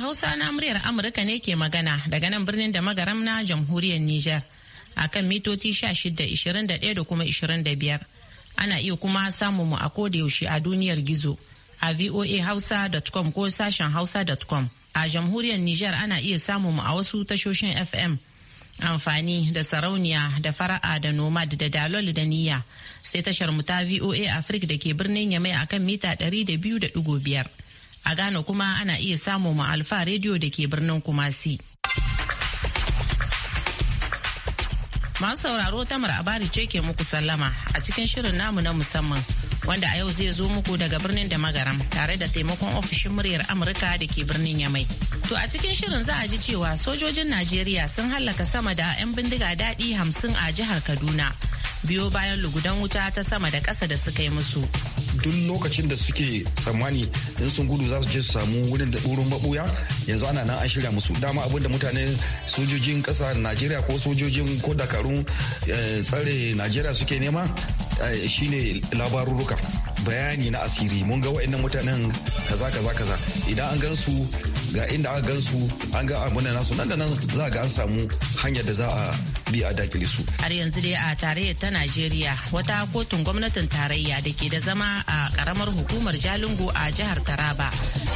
Hausa na muryar Amurka ne ke magana daga nan birnin da magaram na jamhuriyar Nijar a kan mitoci 16:21 da kuma 25. Ana iya kuma samun mu a yaushe a duniyar gizo a voahausa.com ko sashen hausa.com. A jamhuriyar Nijar ana iya samun mu a wasu tashoshin FM. amfani da sarauniya da fara'a da nomad da dalol da niyya sai tashar mu ta voa africa da ke birnin yamai akan mita 200.5 A Ghana kuma ana iya samun mu Alfa Radio da ke birnin Kumasi. Masu sauraro tamar abari ce ke muku sallama a cikin shirin namu na musamman wanda a yau zai zo muku daga birnin da magaram tare da taimakon ofishin muryar Amurka da ke birnin Yamai. To a cikin shirin za a ji cewa sojojin Najeriya sun hallaka sama da 'yan bindiga daɗi hamsin a jihar Kaduna. biyo bayan lugudan wuta ta sama da ƙasa da suka yi musu. duk lokacin da suke tsammani in sun gudu za su je su samu wurin da ɗorin maɓuya yanzu ana nan an shirya musu dama abinda mutane sojojin ƙasa najeriya ko sojojin ko dakarun eh, tsare najeriya suke nema eh, shine labaruruka bayani na asiri mun ga wa'annan mutanen kaza kaza kaza idan an gan su ga inda aka gan su an ga abunan da nasu nan da nan za ga an samu hanyar da za a bi a dakile su. Har yanzu dai a tarayyar ta Najeriya wata kotun gwamnatin tarayya da ke da zama a karamar hukumar Jalingo a jihar Taraba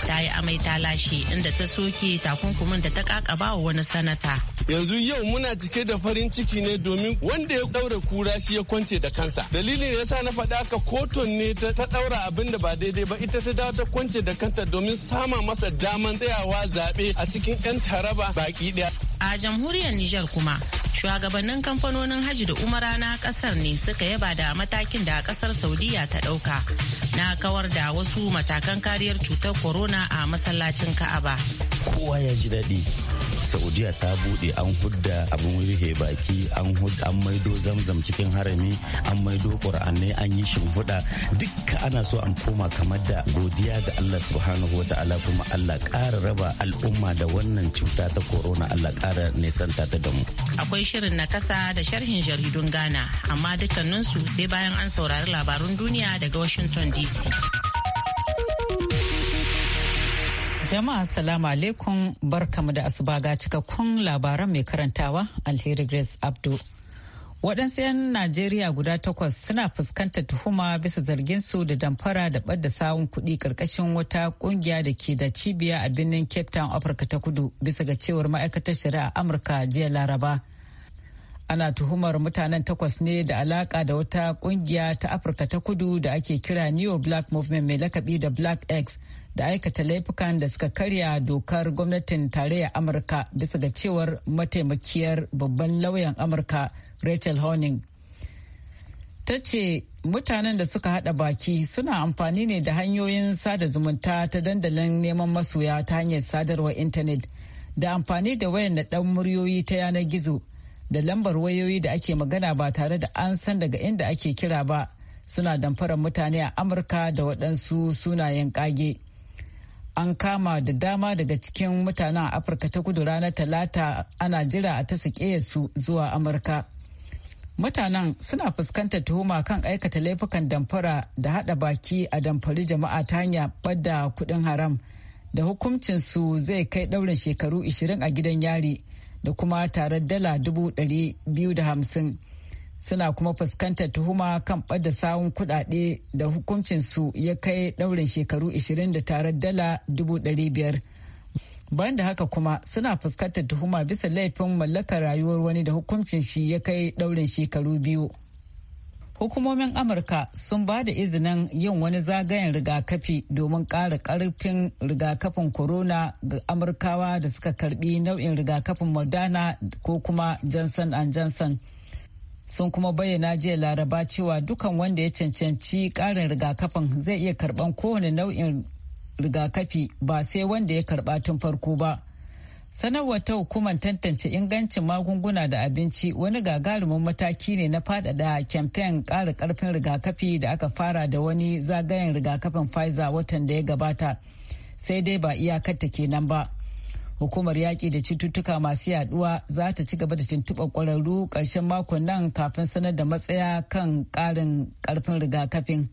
ta yi amai ta lashe inda ta soke takunkumin da ta kakaba wa wani sanata. Yanzu yau muna cike da farin ciki ne domin wanda ya daura kura shi ya kwance da kansa. Dalilin da sa na faɗa ka kotun ne ta daura abin da ba daidai ba ita ta dawo ta kwance da kanta domin sama masa daman tsayawa zaɓe a cikin 'yan Taraba baki ɗaya. A jamhuriyar Nijar kuma shugabannin kamfanonin hajji da umara na kasar ne suka yaba da matakin da kasar saudiya ta dauka na kawar da wasu matakan kariyar cutar corona a masallacin ka'aba kowa ya ji daɗi saudiya ta bude an hudda abin rufe baki an an maido zamzam cikin harami an maido qur'anai an yi shimfuda dukka ana so an koma kamar da godiya ga allah subhanahu wa ta'ala kuma allah ƙara raba al'umma da wannan cuta ta corona allah kara nisanta ta da mu akwai shirin na kasa da sharhin jaridun ghana amma dukkaninsu sai bayan an saurari labarun duniya daga washington dc Jama'a salamu alaikum barkamu da asuba ga cikakkun labaran mai karantawa Alheri Grace Abdu. Waɗansu 'yan Najeriya guda takwas suna fuskantar tuhuma bisa zarginsu da damfara da ɓadda sawun kuɗi ƙarƙashin wata ƙungiya da ke da cibiya a birnin Cape Town Afirka ta kudu bisa ga cewar ma'aikatar shari'a Amurka jiya Laraba. Ana tuhumar mutanen takwas ne da alaƙa da wata ƙungiya ta Afirka ta kudu da ake kira Neo Black Movement mai lakabi da Black X da aikata laifukan da suka karya dokar gwamnatin tarayyar amurka bisa ga cewar mataimakiyar babban lauyan amurka rachel honing ta ce mutanen da suka hada baki suna amfani ne da hanyoyin sada zumunta ta dandalin neman masoya ta hanyar sadarwar intanet da amfani da wayan na dan muryoyi ta yanar gizo da lambar wayoyi da ake magana ba tare da an san daga inda ake kira ba suna damfarar mutane a amurka da waɗansu sunayen ƙage an kama da dama daga cikin mutanen afirka ta kudu ranar talata ana jira a ta su zuwa amurka mutanen suna fuskantar tuhuma kan aikata laifukan damfara da hada baki a damfari jama'a ta hanya bada kudin haram da hukuncinsu zai kai daurin shekaru 20 a gidan yari da kuma tare dala 250 suna kuma fuskantar tuhuma kan ɓada sawun kuɗaɗe da hukuncinsu ya kai ɗaurin shekaru 20 da tarar dala 500,000. Banda haka kuma suna fuskantar tuhuma bisa laifin mallakar rayuwar wani da hukuncin shi ya kai ɗaurin shekaru biyu. Hukumomin Amurka sun ba da izinin yin wani zagayen rigakafi domin ƙara ƙarfin rigakafin corona ga Amurkawa da suka karbi nau'in rigakafin Moderna ko kuma Johnson Johnson. sun kuma bayyana jiya laraba cewa dukan wanda ya cancanci karin rigakafin zai iya karban kowane nau'in rigakafi ba sai wanda ya karba tun farko ba sanarwar ta hukumar tantance ingancin magunguna da abinci wani gagarumin mataki ne na faɗaɗa kyamfen ƙara ƙarfin rigakafi da aka fara da wani zagayen rigakafin pfizer watan da ya gabata sai dai ba iyakarta kenan ba. hukumar yaƙi da cututtuka masu yaduwa za ta ci gaba da tuntuɓar ƙwararru ƙarshen makon nan kafin sanar da matsaya kan ƙarin ƙarfin rigakafin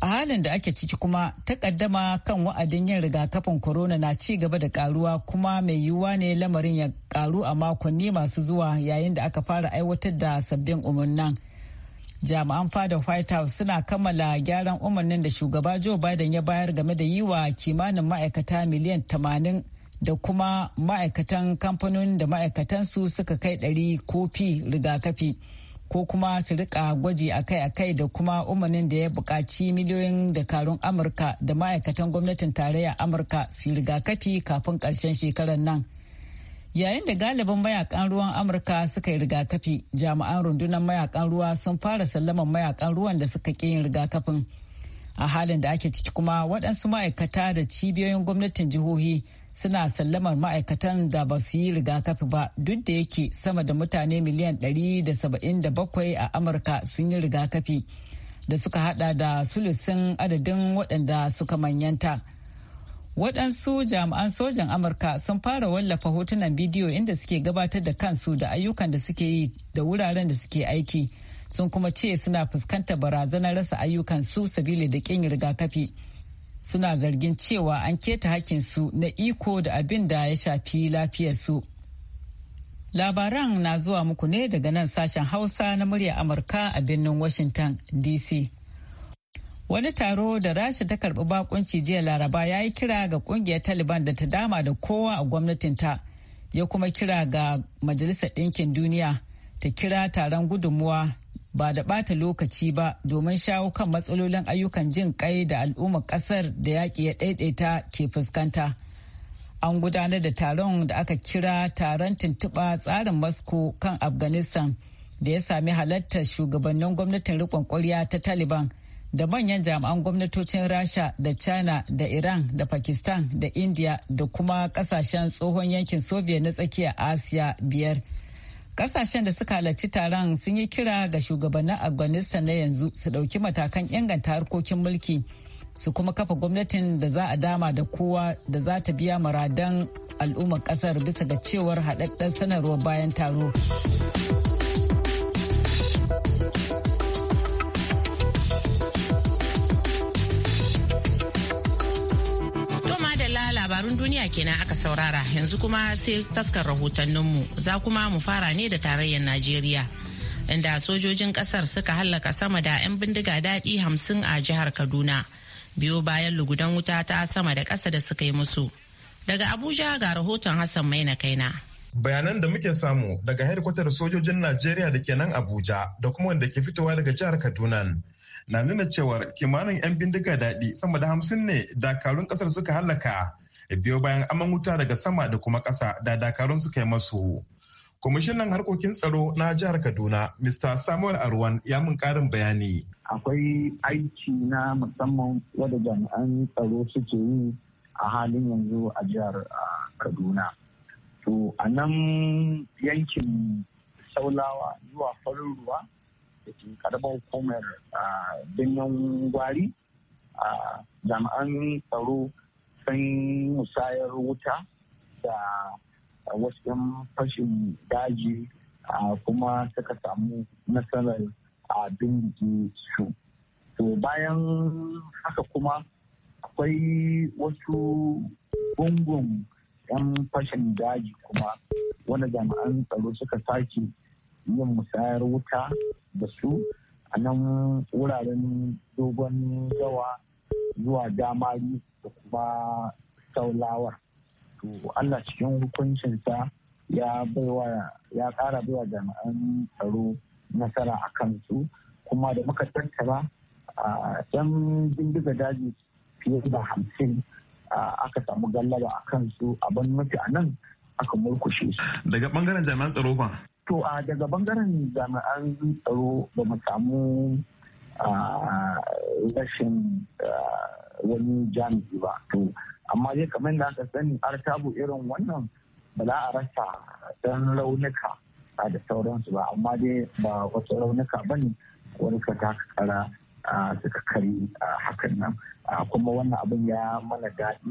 a halin da ake ciki kuma takaddama kan wa'adin yin rigakafin corona na ci gaba da karuwa kuma mai yiwuwa ne lamarin ya karu a makonni masu zuwa yayin da aka fara aiwatar da sabbin umarnan jami'an fada white house suna kammala gyaran umarnin da shugaba joe biden ya bayar game da yi wa kimanin ma'aikata miliyan 80 da kuma ma'aikatan kamfanin da ma'aikatansu suka kai ɗari kofi rigakafi ko kuma su rika gwaji akai-akai da kuma umarnin da ya buƙaci miliyoyin dakarun amurka da ma'aikatan gwamnatin tarayya amurka su rigakafi kafin ƙarshen shekarar nan yayin da galibin mayakan ruwan amurka suka yi rigakafi jami'an rundunar mayakan ruwa sun fara sallaman mayakan ruwan da suka ƙi yin rigakafin a halin da ake ciki kuma waɗansu ma'aikata da cibiyoyin gwamnatin jihohi suna sallamar ma'aikatan da ba su yi rigakafi ba duk da yake sama da mutane miliyan 177 a amurka sun yi rigakafi da suka hada da sulusin adadin waɗanda suka manyanta waɗansu jami'an sojan amurka sun fara wallafa hotunan bidiyo inda suke gabatar da kansu da ayyukan da suke yi da wuraren da suke aiki sun kuma ce suna fuskantar barazanar rasa ayyukan su sabili da ƙin rigakafi. suna zargin cewa an keta hakkinsu na iko da abin da ya shafi lafiyarsu. Labaran na zuwa muku ne daga nan sashen Hausa na murya Amurka a birnin Washington DC. Wani taro da Rasha ta karɓi bakunci jiya Laraba ya yi kira ga kungiyar Taliban da ta dama da kowa a gwamnatinta ya kuma kira ga Majalisar Ɗinkin Duniya ta kira taron gudunmuwa ba da ɓata lokaci ba domin shawo kan matsalolin ayyukan jin kai da al'ummar ƙasar da yaƙi ya ɗaiɗaita ke fuskanta. An gudanar da taron da aka kira taron tuntuɓa tsarin Moscow kan Afghanistan da ya sami halartar shugabannin gwamnatin riƙon ƙwarya ta Taliban. da manyan jami'an gwamnatocin rasha da china da iran da pakistan da india da kuma ƙasashen tsohon yankin soviet na tsakiyar asiya biyar Kasashen da suka halarci taron sun yi kira ga shugabannin Afghanistan na yanzu su ɗauki matakan inganta harkokin mulki su kuma kafa gwamnatin da za a dama da kowa da za ta biya muradan al'ummar kasar bisa ga cewar haɗaɗɗen sanarwar bayan taro. madalla labarun duniya kenan aka saurara yanzu kuma sai taskar rahotanninmu za kuma mu fara ne da tarayyar Najeriya. Inda sojojin kasar suka hallaka sama da 'yan bindiga daɗi hamsin a jihar Kaduna. Biyo bayan lugudan wuta ta sama da ƙasa da suka yi musu. Daga Abuja ga rahoton Hassan na Kaina. bayanan da muke samu daga hedikwatar sojojin Najeriya da ke nan Abuja da kuma wanda ke fitowa daga jihar Kaduna na nuna cewar kimanin 'yan bindiga daɗi sama da hamsin ne dakarun ƙasar suka hallaka biyo bayan aman wuta daga sama da kuma ƙasa da dakarun suka yi masu. Kwamishinan harkokin tsaro na jihar Kaduna, Mr. Samuel Arwan ya mun ƙarin bayani. Akwai aiki na musamman wadda jami'an tsaro suke yi a halin yanzu a jihar Kaduna. To a nan yankin Saulawa zuwa farin ruwa da ke karamar hukumar binnan gwari a jami'an tsaro sun musayar wuta da wasu 'yan fashin daji kuma suka samu nasarar a bindike su to bayan haka kuma akwai wasu gungun 'yan fashin daji kuma wani jami'an tsaro suka sake yin musayar wuta da su a nan wuraren dogon dawa zuwa damari da kuma saulawa to allah cikin hukuncinsa ya baiwa ya ƙara baiwa jami'an tsaro nasara a kansu kuma da muka tattara a yan bindiga daji fiye da hamsin aka samu gallaba a kansu abin mafi a nan aka murkushe su daga bangaren jami'an tsaro ba To a daga bangaren jami'an tsaro ba mu samu rashin wani jami'i ba. To amma dai kamar da aka sani tabu irin wannan ba za a rasa dan raunuka da sauransu ba amma dai ba wasu raunuka ba ne wani ka ta kara suka kari hakan nan kuma wannan abin ya mana daɗi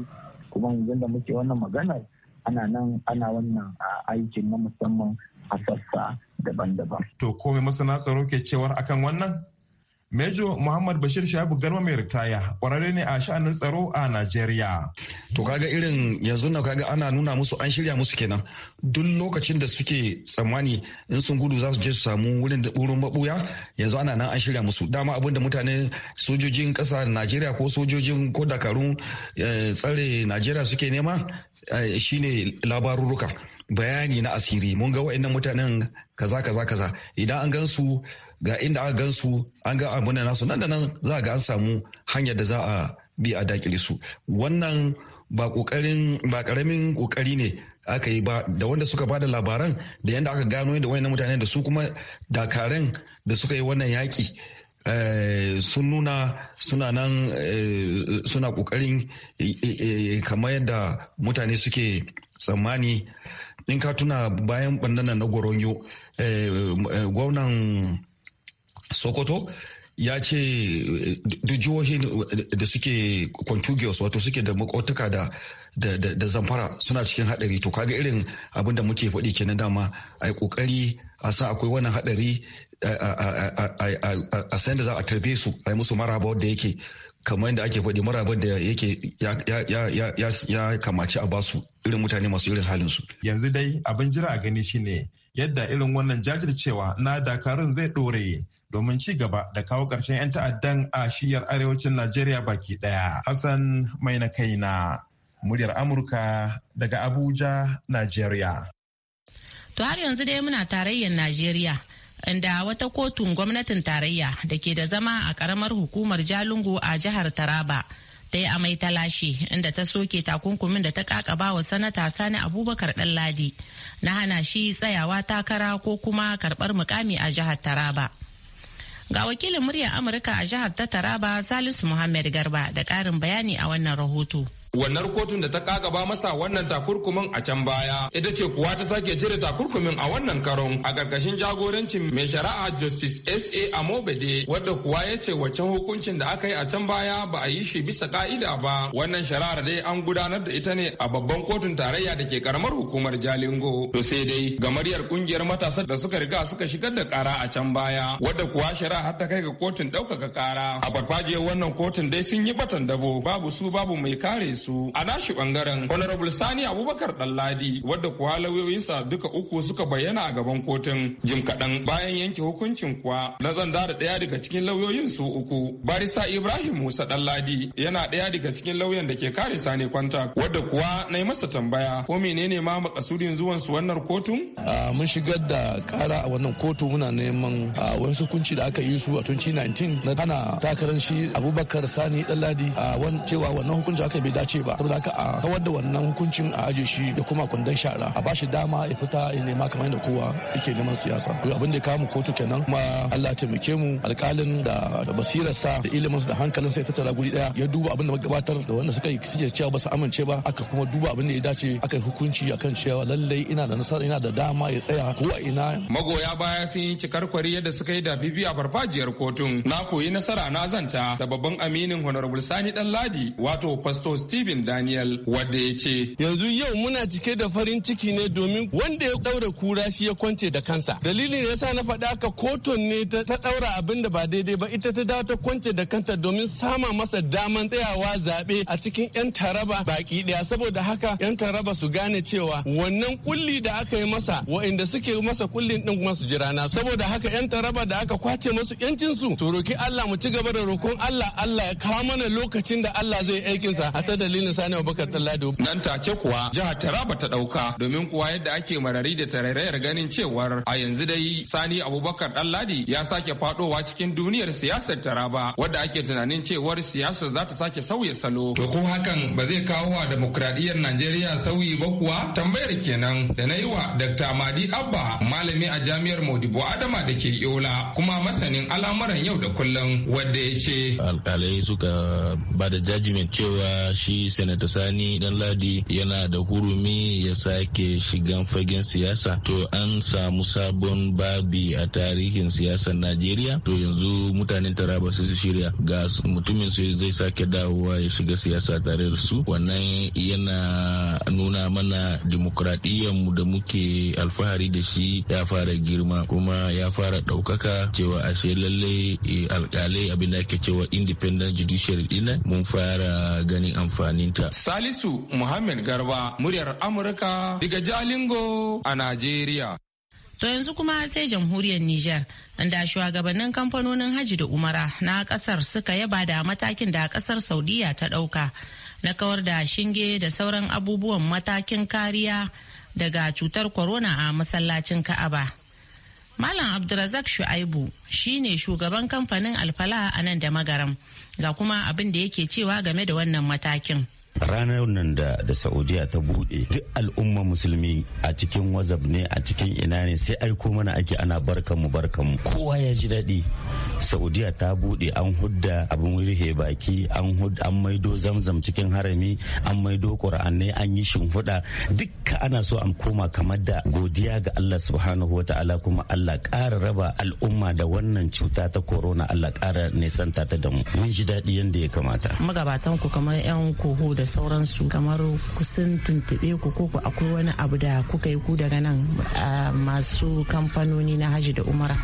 kuma yanzu da muke wannan maganar ana nan ana wannan aikin na musamman a sassa daban-daban. To kome masana tsaro ke cewar akan wannan? Mejo Muhammad Bashir Shabu Garma mai ritaya kwararre ne a sha'anin tsaro a Najeriya. To kaga irin yanzu na kaga ana nuna musu an shirya musu kenan. Duk lokacin da suke tsammani in sun gudu za su je su samu wurin da burin mabuya yanzu ana nan an shirya musu. Dama abinda mutane sojojin kasa Najeriya ko sojojin ko dakarun eh, tsare Najeriya suke nema eh, shine labarurruka. bayani na asiri mun ga wa'annan mutanen kaza kaza kaza idan an gan su ga inda aka gan su an ga abun da nasu nan da nan za ga an samu hanyar da za a bi a dakile su wannan ba kokarin ba karamin kokari ne aka yi ba da wanda suka bada labaran da yanda aka gano da wayannan mutanen da su kuma dakaran da suka yi wannan yaki eh, sun nuna suna nan eh, suna kokarin eh, kamar yadda mutane suke tsammani in ka tuna bayan ɓannan na goronyo gwamnan sokoto ya ce duk jihohin da suke contiguous wato suke da makwataka da da zamfara suna cikin hadari to kaga irin abin da muke faɗi kenan dama a yi kokari a san akwai wannan hadari a san da za a tarbe su a yi musu maraba wadda yake kamar yadda ake faɗi marabar da yake ya kamaci a basu irin mutane masu irin halin su. Yanzu dai abin jira a gani shine yadda irin wannan jajircewa na dakarun zai ɗore domin ci gaba da kawo ƙarshen 'yan ta'addan a shiyar arewacin Najeriya baki ɗaya. Hassan mai na kai na muryar Amurka daga Abuja, Najeriya. To har yanzu dai muna tarayyar Najeriya. inda wata kotun gwamnatin tarayya da ke da zama a karamar hukumar jalungu a jihar Taraba ta yi amai ta lashe inda ta soke takunkumin da ta kakaba wa sanata Sani Abubakar Ɗanladi na hana shi tsayawa takara ko kuma karɓar mukami a jihar Taraba. Ga wakilin muryar Amurka a jihar ta Taraba Salisu Muhammad Garba da ƙarin bayani a wannan rahoto. Wannan kotun da ta ba masa wannan takurkumin a can baya ita ce kuwa ta sake cire takurkumin a wannan karon a ƙarƙashin jagorancin mai shari'a Justice S.A. Mobede wadda kuwa ya ce wacce hukuncin da aka yi a can baya ba a yi shi bisa ka'ida ba wannan shari'ar dai an gudanar da ita ne a babban kotun tarayya da ke karamar hukumar Jalingo. To sai dai gamaryar kungiyar matasa da suka riga suka shigar da kara a can baya wadda kuwa shari'a har ta kai ga kotun ɗaukaka kara. A farfajiyar wannan kotun dai sun yi batan dabo babu su babu mai kare su. su a nashi bangaren honorable sani abubakar ɗanladi wadda kuwa lauyoyinsa duka uku suka bayyana a gaban kotun jim kaɗan bayan yanke hukuncin kuwa na zanda da ɗaya daga cikin lauyoyin su uku barisa ibrahim musa ɗanladi yana ɗaya daga cikin lauyan da ke kare sani kwanta wadda kuwa na yi masa tambaya ko menene ma makasudin zuwan su wannan kotun mun shigar da kara a wannan kotu muna neman wani hukunci da aka yi su a 2019 na hana takarar shi abubakar sani ɗanladi a cewa wannan hukunci aka bai dace dace ba saboda haka a kawar da wannan hukuncin a aje shi da kuma kundin shara a bashi dama ya fita ya nema kamar da kowa yake neman siyasa to abin da ya kamu kotu kenan kuma Allah taimake mu alƙalin da basirarsa da iliminsa da hankalinsa ya tattara guri daya ya duba abin da gabatar da wanda suka yi suke cewa ba su amince ba aka kuma duba abin da ya dace aka yi hukunci akan cewa lallai ina da nasara ina da dama ya tsaya ko a ina magoya baya sun yi cikar kwari yadda suka yi da bibiya a farfajiyar kotun na koyi nasara na zanta da babban aminin honorable sani dan ladi wato pastor steve Stephen Daniel wadda ya ce. Yanzu yau muna cike da farin ciki ne domin wanda ya daura kura shi ya kwance da kansa. Dalilin ya sa na faɗa haka kotun ne ta daura abin da ba daidai ba ita ta dawo ta kwance da kanta domin sama masa daman tsayawa zaɓe a cikin 'yan taraba baki ɗaya saboda haka 'yan taraba su gane cewa wannan kulli da aka yi masa wa'inda suke masa kullin din kuma su jira na saboda haka 'yan taraba da aka kwace masu 'yancin su to roki Allah mu ci gaba da rokon Allah Allah ya kawo mana lokacin da Allah zai aikin sa a ta Aminu Sani Abubakar Dallado. Nan take kuwa jihar Taraba ta dauka domin kuwa yadda ake marari da tarairayar ganin cewar a yanzu dai Sani Abubakar Dalladi ya sake fadowa cikin duniyar siyasar Taraba wadda ake tunanin cewar siyasar za ta sake sauya salo. To ko hakan ba zai kawo wa demokradiyyar Najeriya sauyi ba kuwa tambayar kenan da na yi wa Dr. Madi Abba malami a jami'ar Modibo Adama da ke Yola kuma masanin al'amuran yau da kullum wadda ya ce. Alkalai suka ba da judgment cewa shi shi Senator sani dan ladi yana da hurumi ya sake shigan fagen siyasa to an samu sabon babi a tarihin siyasar najeriya to yanzu mutanen taraba su su shirya ga mutumin su zai sake dawowa ya shiga siyasa tare da su wannan yana nuna mana mu da muke alfahari da shi ya fara girma kuma ya fara ɗaukaka cewa ashe lalle eh, alkalai abin da ake cewa independent judiciary dinnan mun fara ganin amfani amfaninta. Salisu Muhammad Garba, muryar Amurka daga Jalingo a Najeriya. To yanzu kuma sai jamhuriyar Nijar, inda shugabannin kamfanonin Haji da Umara na kasar suka yaba da matakin da kasar Saudiya ta ɗauka na kawar da shinge da sauran abubuwan matakin kariya daga cutar korona a masallacin Ka'aba. Malam Abdulrazak Shu'aibu shi ne shugaban kamfanin Alfala a nan da magaram. ga kuma abin da yake cewa game da wannan matakin. ranar nan da da saudiya ta bude duk al'umma musulmi a cikin wazab ne a cikin ina ne sai aiko mana ake ana barkan mu barkan mu kowa ya ji daɗi saudiya ta bude an hudda abin rihe baki an hudda an maido zamzam cikin harami an maido qur'anai an yi shimfiɗa dukka ana so an koma kamar da godiya ga Allah subhanahu wata'ala ta'ala kuma Allah ƙara raba al'umma da wannan cuta ta corona Allah ƙara nisanta ta da mu mun ji daɗi yanda ya kamata magabatan ku kamar yan koho da da sauransu kamar kusan tuntube ku ko akwai wani abu da kuka yi ku daga nan ah, masu kamfanoni na haji da umara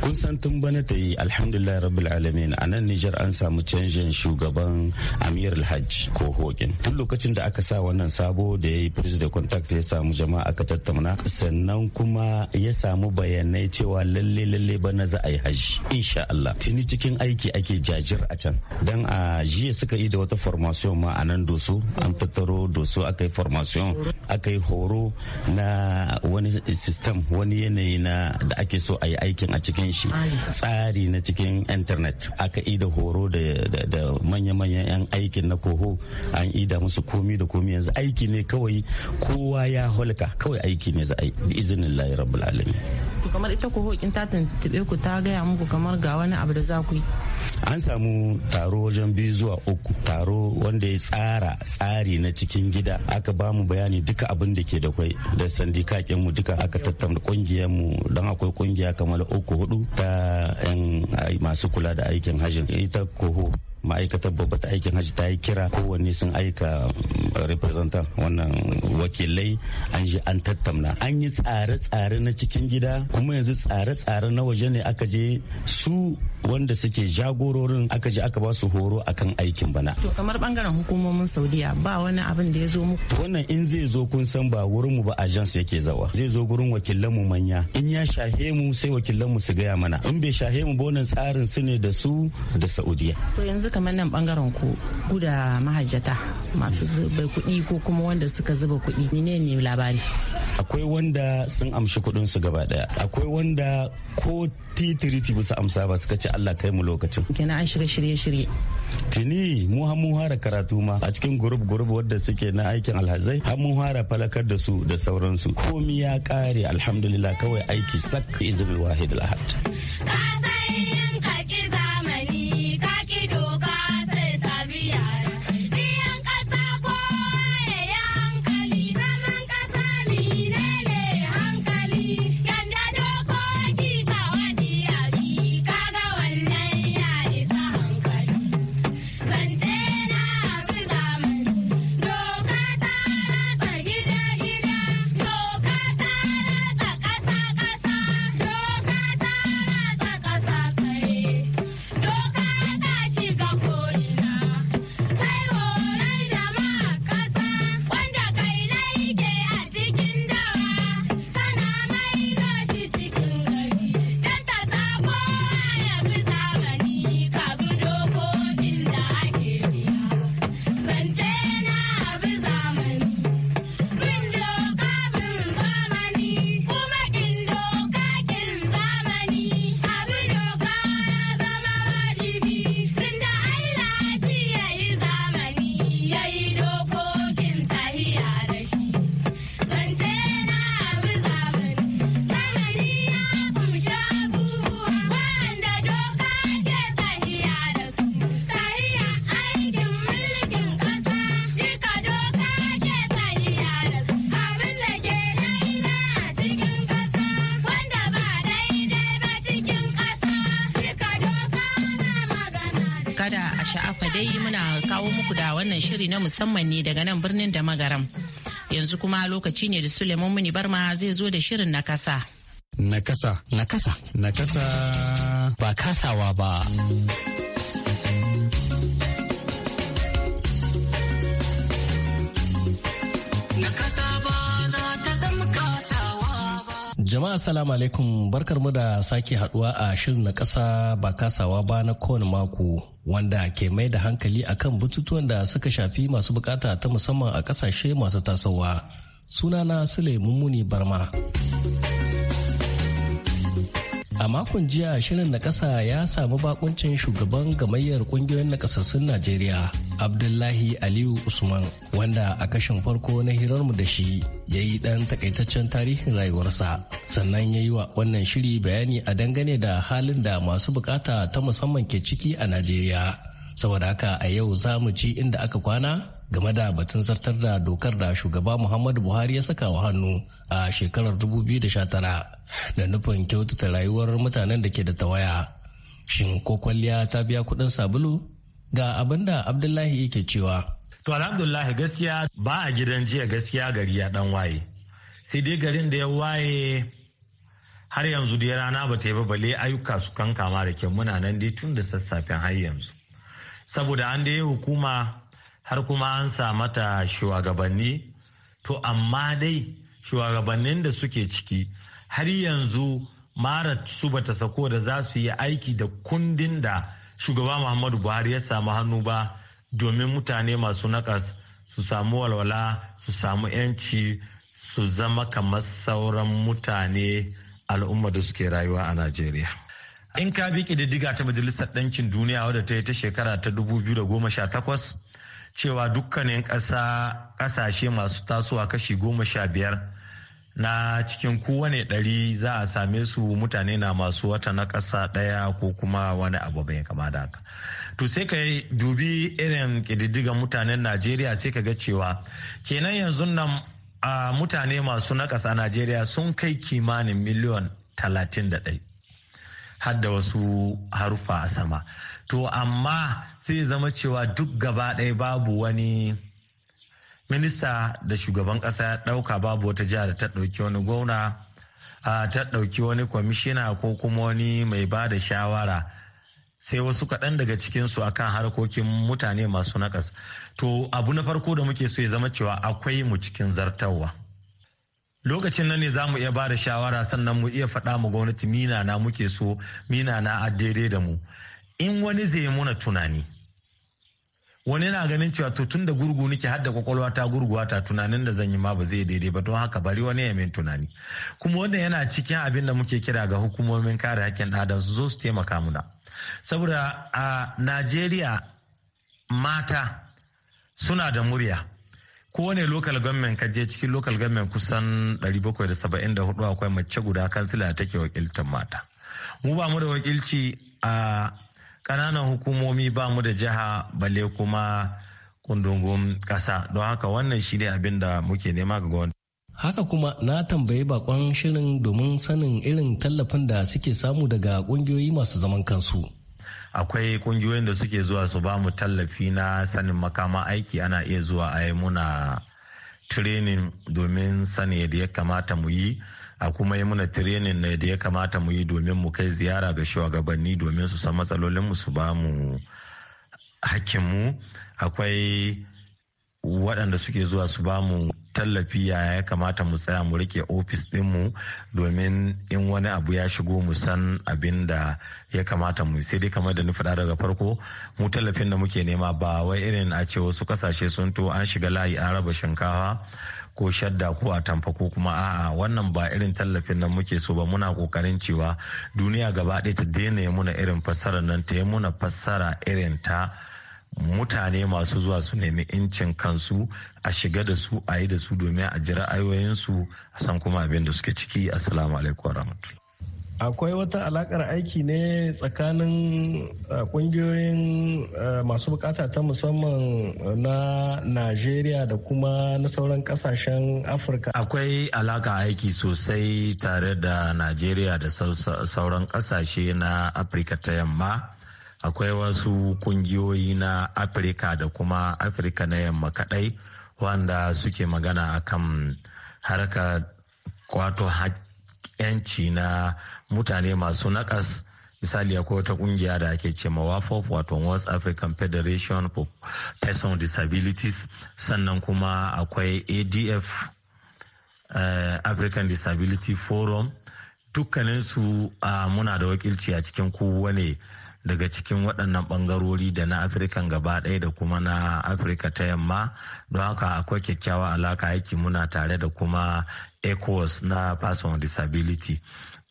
kun san tun bana ta yi alhamdulillah rabbil alamin a nan nijar an samu canjin shugaban amir alhaj ko hogin tun lokacin da aka sa wannan sabo da ya yi prince da contact ya samu jama'a aka tattauna sannan kuma ya samu bayanai cewa lalle lalle bana za a yi haji insha Allah tuni cikin aiki ake jajir a can dan a jiya suka yi da wata formation ma a nan doso an tattaro doso aka yi formation aka yi horo na wani system wani yanayi na da ake so a yi aikin a cikin shi tsari na cikin internet aka ida horo da manya-manyan 'yan aikin na koho an ida musu komi da komi yanzu aiki ne kawai kowa ya holka kawai aiki ne za a yi izinin layi rabbul alamin kamar ita koho in ta tuntube ku ta gaya muku kamar ga wani abu da za ku yi an samu taro wajen biyu zuwa uku taro wanda ya tsara tsari na cikin gida aka ba mu bayani duka abin da ke da kwai da sandikakin mu duka aka tattauna kungiyar mu don akwai kungiya kamar uku hudu ta yan masu kula da aikin hajjin ita koho ma'aikatar babbar aikin hajji ta yi kira kowanne sun aika mm, representant wannan wakilai an je an tattauna. an yi tsare-tsare na cikin gida kuma yanzu tsare-tsare na waje ne aka je su wanda suke jagororin aka ji aka ba su horo akan aikin bana to kamar bangaren hukumomin saudiya ba wani abin da ya zo muku wannan in zai zo kun san ba wurin mu ba agence yake zawa zai zo gurin wakilan mu manya in ya shahe mu sai wakilan mu su gaya mana in bai shahe mu ba wannan tsarin su ne da su da saudiya to yanzu kamar nan bangaren ku guda mahajjata masu zuba kuɗi ko kuma wanda suka zuba kuɗi ne labari akwai wanda sun amshi kuɗin su gaba daya akwai wanda ko titiriti bisa amsa ba suka ci Allah kai mu lokacin kenan an shirye shirye shirye Tini mu har mun fara karatu ma a cikin gurup gurup wadda suke na aikin alhazai har mun fara falakar da su da sauransu komi ya kare alhamdulillah kawai aiki sak izubi wahid alhad dai muna kawo muku da wannan shiri na musamman ne daga nan birnin da magaram. Yanzu kuma lokaci ne da Suleiman Muni Barma zai zo da shirin na kasa. Na kasa. Na kasa. Na kasa. Ba kasawa ba. Jama'a salamu alaikum barkar mu da sake haduwa a shirin na kasa ba kasawa ba na kowane mako wanda ke mai da hankali akan batutuwan da suka shafi masu bukata ta musamman a kasashe masu tasowa. Sunana Sule Mummuni Barma. A makon jiya shirin na ƙasa ya samu bakuncin shugaban gamayyar ƙungiyoyin nakasassun Najeriya, Abdullahi Aliyu Usman, wanda a kashin farko na hirarmu da shi ya yi ɗan takaitaccen tarihin rayuwarsa. Sannan ya yi wa wannan shiri bayani a dangane da halin da masu bukata ta musamman ke ciki a Najeriya. Saboda haka a yau za mu ji inda aka kwana game da batun zartar da dokar da shugaba Muhammadu Buhari ya saka wa hannu a shekarar 2019 da nufin kyautata rayuwar mutanen da ke da tawaya. Shin ko kwalliya ta biya kudin sabulu? Ga abin da Abdullahi yake cewa. To alhamdulillah gaskiya ba a gidan jiya gaskiya gari ya dan waye. Sai dai garin da ya waye har yanzu dai rana ba ta yi ba bale ayyuka su kankama da kyau muna nan dai tun da sassafen har yanzu. Saboda an da yi hukuma har kuma an sa mata shugabanni to amma dai shugabannin da suke ciki har yanzu mara su bata sako da za su yi aiki da kundin da shugaba muhammadu buhari ya samu hannu ba domin mutane masu nakas su samu walwala su samu 'yanci su zama kamar sauran mutane al'umma da suke rayuwa a najeriya in ka bi ƙididdiga ta majalisar ɗankin duniya wadda ta yi ta shekara ta 2018 cewa dukkanin ƙasa ƙasashe masu tasowa kashi goma sha biyar na cikin kowane ɗari za a same su mutane na masu wata na ƙasa ɗaya ko kuma wani abu bai kama da haka. To sai ka dubi irin ƙididdigan mutanen Najeriya sai ka ga cewa kenan yanzu nan mutane masu na ƙasa Najeriya sun kai kimanin miliyon talatin da ɗai. Hadda wasu haruffa a sama. to amma sai zama cewa duk gaba ɗaya babu wani minista da shugaban ƙasa ya ɗauka babu wata jihar da ta ɗauki wani gwamna ta ɗauki wani kwamishina ko kuma wani mai ba da shawara sai wasu kaɗan daga cikinsu akan harkokin mutane masu nakas to abu na farko da muke so ya zama cewa akwai mu cikin zartarwa lokacin nan ne za mu iya ba da shawara sannan mu iya faɗa mu gwamnati mina na muke so mina na daidai da mu in wani zai muna tunani wani na ganin cewa to tun da gurgu nake hadda kwakwalwa ta gurguwa ta tunanin da zan yi ma ba zai daidai ba don haka bari wani ya min tunani kuma wannan yana cikin abin da muke kira ga hukumomin kare hakkin ɗan su zo su taimaka muna saboda a najeriya mata suna da murya wani local government ka je cikin local government kusan 774 akwai mace guda kansila take wakiltar mata mu ba mu da wakilci a kananan hukumomi ba mu da jiha bale kuma kundungun kasa don haka wannan shi ne abin da muke nema ga gwamnati. Haka kuma na tambayi bakon shirin domin sanin irin tallafin da suke samu daga kungiyoyi masu zaman kansu. akwai kungiyoyin da suke zuwa su ba mu tallafi na sanin makama aiki ana iya zuwa a muna training domin sani yadda ya kamata mu yi a kuma yi mana training ne da ya kamata mu yi domin mu kai ziyara ga shugabanni domin su san matsalolin mu su ba mu mu akwai waɗanda suke zuwa su ba mu tallafi ya ya kamata mu tsaya mu rike ofis ɗinmu domin in wani abu ya shigo mu san abin da ya kamata mu sai dai kamar da ni faɗa daga farko mu tallafin da muke nema ba wai irin a ce wasu ƙasashe sun to an shiga layi an raba shinkafa ko shadda ko a tamfa ko kuma a'a wannan ba irin tallafin nan muke so ba muna kokarin cewa duniya gaba ɗaya ta daina ya muna irin fassara nan ta yi muna fassara irin ta mutane masu zuwa su nemi incin kansu a shiga da su a yi da su domin a ji ra'ayoyinsu a san kuma abin da suke ciki assalamu alaikum warahmatullahi akwai wata alakar aiki ne tsakanin kungiyoyin uh, uh, masu bukata ta musamman uh, na najeriya da kuma na sauran kasashen afirka akwai alaka aiki sosai tare da najeriya da sauran kasashe na afirka ta yamma akwai wasu kungiyoyi na afirka da kuma afirka na yamma kadai wanda suke magana akan harkar kwato 'yanci na mutane masu nakas misali akwai wata kungiya da ake ce wafop wato west african federation for person with disabilities sannan kuma akwai adf uh, eh, african disability forum dukkaninsu uh, muna da wakilci a cikin kowane daga cikin waɗannan ɓangarori da na African gaba ɗaya da kuma na afirka ta yamma don haka akwai kyakkyawa alaka aiki muna tare da kuma ecowas na person with disability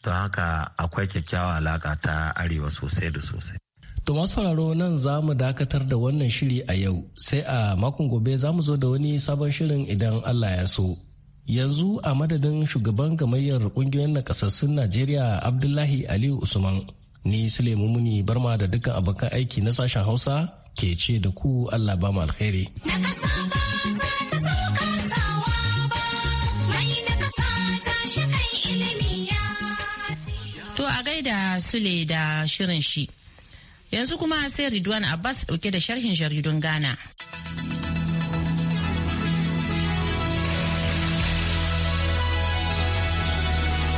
don haka akwai kyakkyawa alaka ta arewa sosai da sosai To masu sauraro nan za mu dakatar da wannan shiri a yau sai a makon gobe za mu zo da wani sabon shirin idan Allah ya so. Yanzu a madadin shugaban gamayyar kungiyoyin nakasassun Najeriya Abdullahi Aliyu Usman ni Suleiman Muni Barma da dukkan abokan aiki na sashen Hausa ke ce da ku Allah ba mu alkhairi. Sule da shirin shi. Yanzu kuma sai Ridwan Abbas dauke da sharhin jaridun Ghana.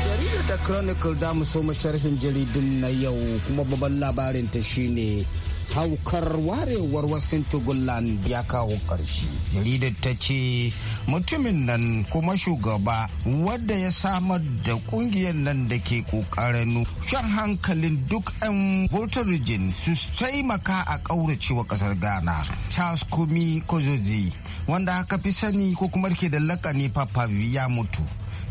Jaridar da Chronicle da mu so sharhin jaridun na yau kuma babban labarin ta shine haukar warewar wasu tugulan ya kawo ƙarshe jaridar ta ce mutumin nan kuma shugaba wadda ya samar da kungiyar nan da ke ƙoƙarin shan hankalin duk 'yan voltarijin su taimaka a ƙauracewa ƙasar ghana charles kumi kozozi wanda aka fi sani ko kuma ke da lakani papa ya mutu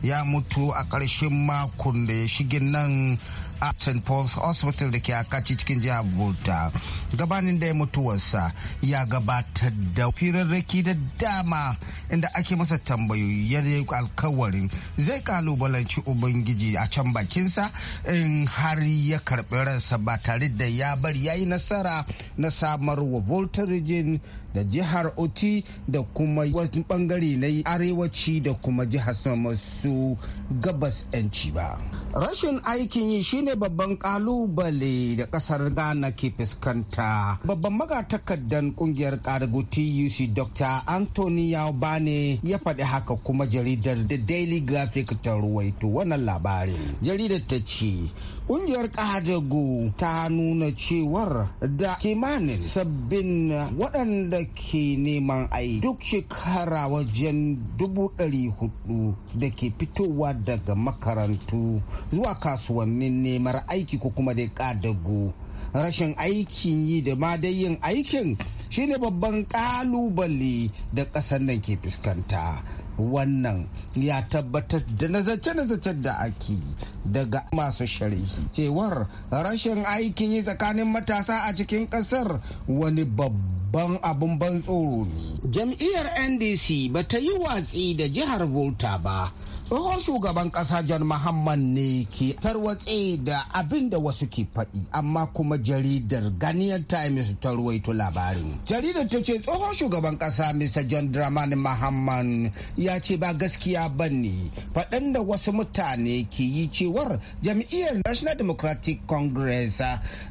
ya mutu a ƙarshen makon da ya shigin nan a st paul's hospital da ke a kaci cikin jihar volta gabanin da ya mutuwarsa ya gabata da hirarraki da dama inda ake masa tambayoyi ya yi alkawarin zai kalubalanci ubangiji a can bakinsa in har ya karɓi ransa ba tare da ya bari ya yi nasara na samarwa volta region da jihar oti da kuma wani bangare na arewaci da kuma jihar masu gabas 'yanci ba rashin aikin yi shi ne babban kalubale da kasar ghana ke fuskanta babban magatakardan kungiyar karaguti uc dr anthony yaubane ya faɗi haka kuma jaridar the daily graphic ta ruwaito wannan labarin jaridar ta ce Ƙungiyar Ƙadago ta nuna cewar da kimanin sabbin waɗanda ke neman aiki duk shekara wajen dubu ɗari hudu da ke fitowa daga makarantu zuwa kasuwannin neman aiki ko kuma dai Ƙadago. Rashin aikin yi da ma dai yin aikin shine babban ƙalubale da ƙasar nan ke fuskanta. wannan ya tabbatar da nazarce nazarce da ake daga masu sharhi cewar rashin aikin yi tsakanin matasa a cikin kasar wani babban abin ban tsoro ne jam'iyyar ndc ba ta yi watsi da jihar volta ba tsohon shugaban kasa john mahamman ne ke tarwatse da abin da wasu ke faɗi amma kuma jaridar ganiyar times ta ruwaito labarin jaridar ta ce tsohon shugaban kasa mr john dramani mahamman ya ce ba gaskiya ba ne faɗin da wasu mutane ke yi cewar jam'iyyar national democratic congress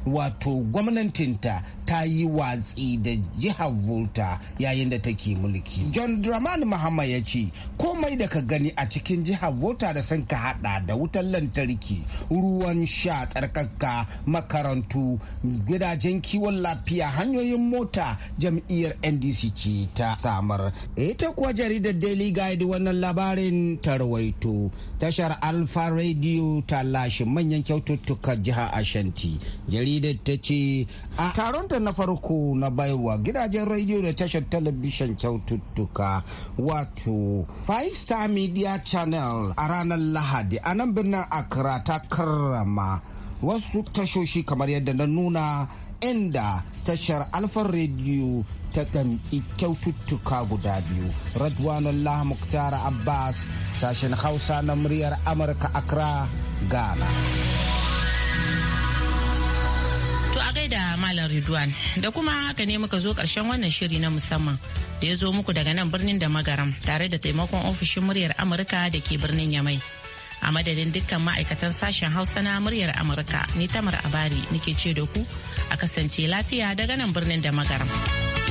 wato gwamnatinta ta yi watsi da jihar volta yayin da take mulki john dramani mahamman ya ce komai da ka gani a cikin jihar bota da sun ka hada da wutar lantarki, ruwan sha tsarkaka, makarantu, gidajen kiwon lafiya, hanyoyin mota jam'iyyar NDC ce ta samar. Ita kuwa jaridar Daily Guide wannan labarin tarwaito Tashar Alfa Radio ta lashe manyan kyaututtuka jihar Ashanti. Jaridar ta ce a taronta na farko na baiwa gidajen radio da tashar talabishin kyaututtuka wato five Star Media Channel channel a ranar lahadi a nan birnin akra ta karrama wasu tashoshi kamar yadda na nuna inda tashar alfar rediyo ta ɗanɗi kyaututtuka guda biyu allah muktar abbas sashen hausa na muryar amurka akra ghana To a gaida Malam Ridwan da kuma haka ne muka zo karshen wannan shiri na musamman da ya zo muku daga nan birnin da magaram tare da taimakon ofishin muryar Amurka da ke birnin Yamai. A madadin dukkan ma'aikatan sashen Hausa na muryar Amurka ni Tamar Abari nike ce da ku a kasance lafiya daga nan birnin da magaram.